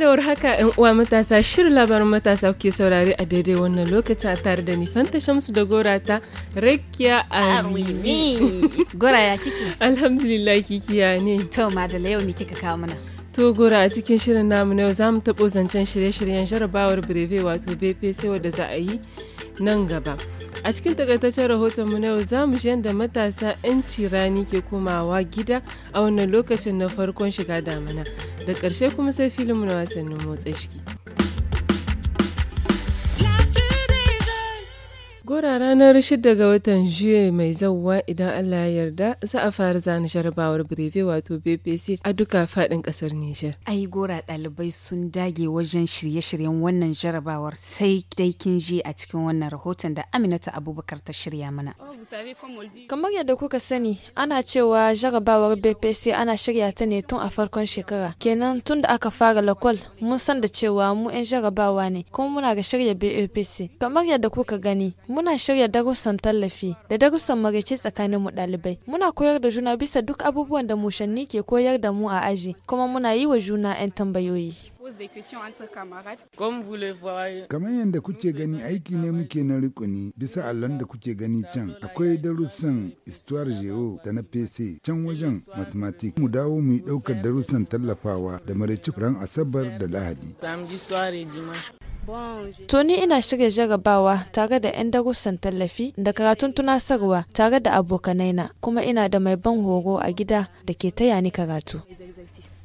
da warhaka yan uwa matasa shirin labarin matasa kuke saurari a daidai wannan lokacin tare da nifan Fanta Shamsu da Gora ta Rakiya Arimi. Gora ya kiki Alhamdulillah ya ne. To da yau ne kika kawo mana? Togora a cikin shirin namu na yau za mu taɓo zancen shirye-shiryen jarabawar Breve wato BPC wadda za a yi nan gaba. A cikin takaitaccen rahotonmu na yau za mu shi yadda matasa 'yan tirani ke komawa gida a wannan lokacin na farkon shiga damina. Da ƙarshe kuma sai filinmu na wasannin motsa shi. Gora ranar 6 ga watan Juye mai zauwa idan Allah ya yarda za a fara zani jarabawar Breve wato BBC a duka fadin kasar Nijar. Ai gora ɗalibai sun dage wajen shirye-shiryen wannan jarabawar sai dai kin je a cikin wannan rahoton da Aminata Abubakar ta shirya mana. Kamar yadda kuka sani ana cewa jarabawar BBC ana shirya ta ne tun a farkon shekara. Kenan tun da aka fara lakol mun san da cewa mu 'yan jarabawa ne kuma muna ga shirya BBC. Kamar yadda kuka gani muna shirya darussan tallafi da darussan magaci tsakanin mu ɗalibai. Muna koyar da juna bisa duk abubuwan da mushanni ke koyar da mu a aji, kuma muna yi wa juna 'yan tambayoyi. Kamar yadda kuke gani aiki ne muke na rikuni bisa allon da kuke gani can akwai darussan histoire geo da na PC can wajen mathematics mu dawo mu yi daukar darussan tallafawa da maraici ran asabar da lahadi. Tuni ina shirya jarabawa tare da 'yan darussan tallafi da karatun tunasarwa tare da abokanaina kuma ina da mai ban horo a gida da ke taya ni karatu.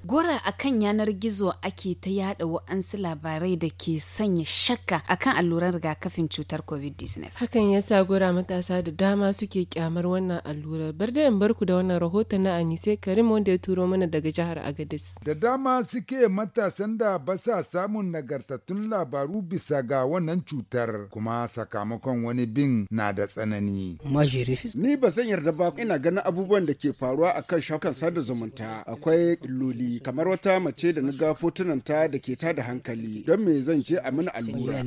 Gora a kan yanar gizo ake ta yada wa'ansu labarai da ke sanya shakka akan alluran rigakafin cutar COVID-19. Hakan ya sa gora matasa da dama suke kyamar wannan allurar. Bar da barku da wannan rahoton na Anise Karim wanda ya turo mana daga jihar Agadis. Da dama suke matasan da ba sa samun nagartattun labaru bisa ga wannan cutar kuma sakamakon wani bin na da tsanani. Ni ba zan yarda ba ina ganin abubuwan da ke faruwa akan shafukan sada zumunta akwai illoli kamar wata mace da na ga fotunanta da ke ta da hankali don me zan je a mini allura.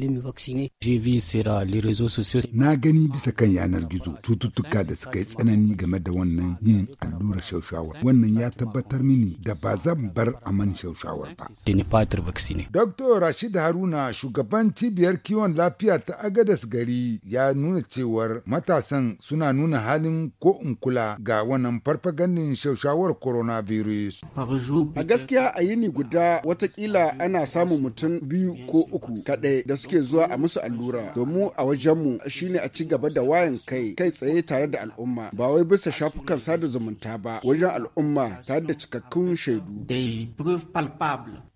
Na gani bisa kan yanar gizo cututtuka da suka yi tsanani game da wannan yin allura shaushawa. Wannan ya tabbatar mini da ba zan bar a man shaushawar ba. Dr. Rashid Haruna shugaban cibiyar kiwon lafiya ta Agadas gari ya nuna cewar matasan suna nuna halin ko in kula ga wannan farfagandin shaushawar coronavirus. A gaskiya a yini guda watakila ana samun mutum biyu ko uku kaɗai da suke zuwa a musu allura. Domin a wajenmu shine a ci gaba da wayan kai kai tsaye tare da al'umma ba wai bisa shafukan sada zumunta ba wajen al'umma tare da cikakkun shaidu.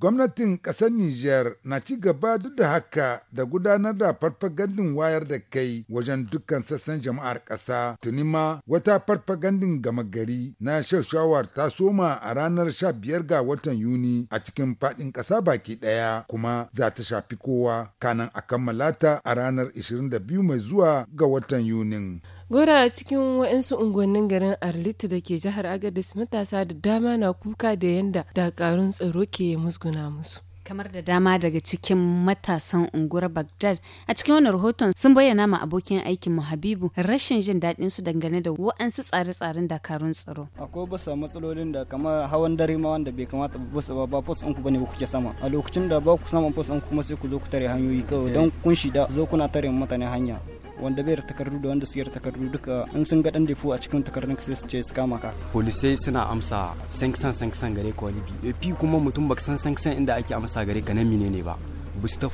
Gwamnatin ƙasar Nijar na ci gaba duk da haka da gudanar da farfagandun wayar da kai wajen dukkan sassan jama'ar ƙasa tuni ma wata farfagandun gama gari na shawar ta soma a ranar 15 ga watan Yuni a cikin fadin kasa baki daya kuma za ta shafi kowa kanan a kammala ta a ranar 22 mai zuwa ga watan Yunin. Gora a cikin waɗansu unguwannin garin Arlit da ke jihar agadis matasa da dama na kuka da yanda dakarun tsaro ke musguna musu. kamar da dama daga cikin matasan unguwar Baghdad a cikin wani rahoton sun bayyana ma abokin aikin mu Habibu rashin jin daɗin su dangane da waɗansu tsare-tsaren dakarun tsaro. Akwai basa matsalolin da kamar hawan dare ma wanda bai kamata basa ba ba post ɗinku bane kuke sama. A lokacin da ba ku sama post ɗinku kuma sai ku zo ku tare hanyoyi kawai don kun shida zo kuna tare mutane hanya. wanda bai da takardu da wanda suke takardu duka in sun ga dan defo a cikin takardun sai su ce su kama ka polisai suna amsa sanksan sanksan gare ka wani bi fi eh, kuma mutum ba san sanksan inda ake amsa gare ka na mine ba ba su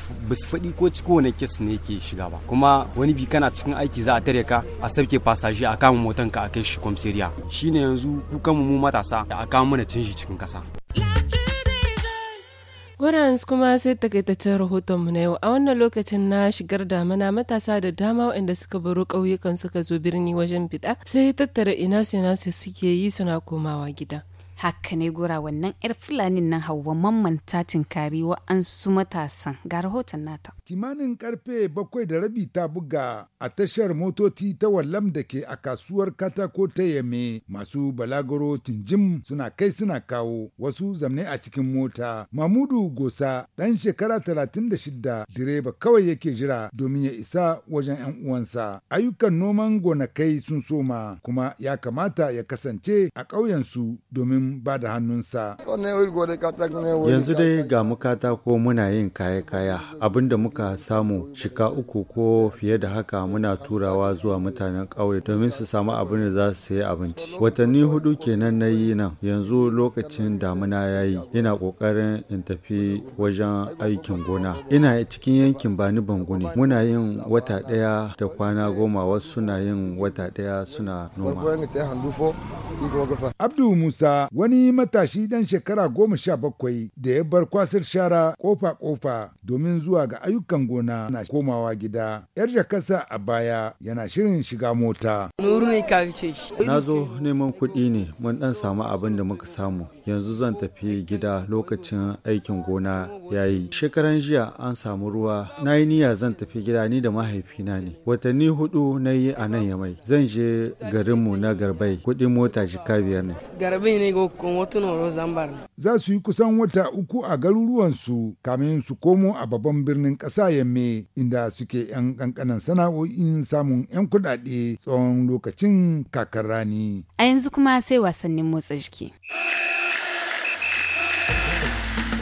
faɗi ko ciko wani kes ne ke shiga ba kuma wani bi kana cikin aiki za a tare ka a sauke fasaji a kama motan ka a kai shi kwamseriya shine yanzu kukan mu matasa Da a kama mana canji cikin kasa Gwarans kuma sai takaitaccen rahoton mu na yau a wannan lokacin na shigar damana matasa da dama waɗanda suka baro ƙauyukan suka zo birni wajen fiɗa sai tattara ina su ina su suke yi suna komawa gida. haka ne gura wannan yar fulanin nan hawa mamman ta tinkari su matasan ga rahoton nata kimanin karfe bakwai da rabi ta buga a tashar motoci ta wallam da ke a kasuwar katako ta yame masu balagoro tinjim suna kai suna kawo wasu zamne a cikin mota mamudu gosa dan shekara talatin da 36 direba kawai yake jira domin ya isa wajen 'yan uwansa ayyukan noman gonakai sun soma kuma ya kamata ya kasance a ƙauyensu domin ba da hannunsa. Yanzu dai ga mu katako muna yin kaya-kaya abinda muka samu shika uku ko fiye da haka muna turawa zuwa mutanen ƙauye domin su samu abin da za su sayi abinci. Watanni hudu kenan na yi nan yanzu lokacin damuna ya yi ina ƙoƙarin in tafi wajen aikin gona. Ina cikin yankin Bani banguni. muna yin wata ɗaya da kwana goma wasu suna yin wata ɗaya suna noma. Abdu Musa Wani matashi dan shekara goma sha bakwai da ya bar kwasar shara kofa-kofa domin zuwa ga ayyukan gona na komawa gida. Yar jakasa a baya yana shirin shiga mota. Na zo neman kuɗi ne mun ɗan samu abin da muka samu. Yanzu zan tafi gida lokacin aikin gona ya yi. Shekaran jiya an samu ruwa. Na yi niyya zan tafi gida ni da mahaifina ne. Watanni hudu na yi a nan yamai. Zan je garinmu na garbai. Kuɗin mota jika biyar ne. Garbai ne Za su yi kusan wata uku a garuruwansu kamin su komo a babban birnin ƙasa yamme inda suke 'yan ƙanƙanan sana'o'in samun 'yan kuɗaɗe tsawon lokacin kakar rani. A yanzu kuma sai wasannin motsa jiki.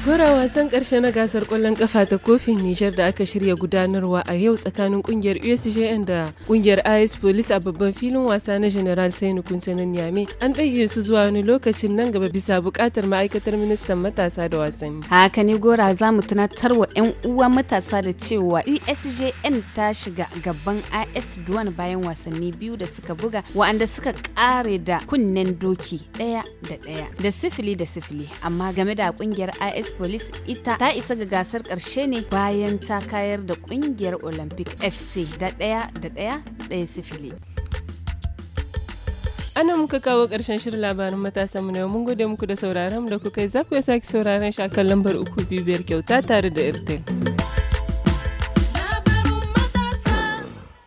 Gora wasan ƙarshe na gasar kwallon kafa ta kofin Nijar da aka shirya gudanarwa a yau tsakanin ƙungiyar USGN da ƙungiyar IS Police a babban filin wasa na General Sani Kunta Yame. an ɗage su zuwa wani lokacin nan gaba bisa buƙatar ma'aikatar ministan matasa da wasanni. Haka ne Gora za mu tunatar wa 'yan uwa matasa da cewa USGN ta shiga gaban IS Duwan bayan wasanni biyu da suka buga wa'anda suka ƙare da kunnen doki ɗaya da ɗaya da sifili da sifili amma game da ƙungiyar IS police ita ta isa ga gasar ƙarshe ne bayan ta kayar da ƙungiyar olympic fc da ɗaya da ɗaya ɗaya sifili ana muka kawo ƙarshen shirin labarin matasa mu na yau mun gode muku da sauraron da kuka yi za ku sake sauraron shakan lambar uku biyu biyar kyauta tare da irtel.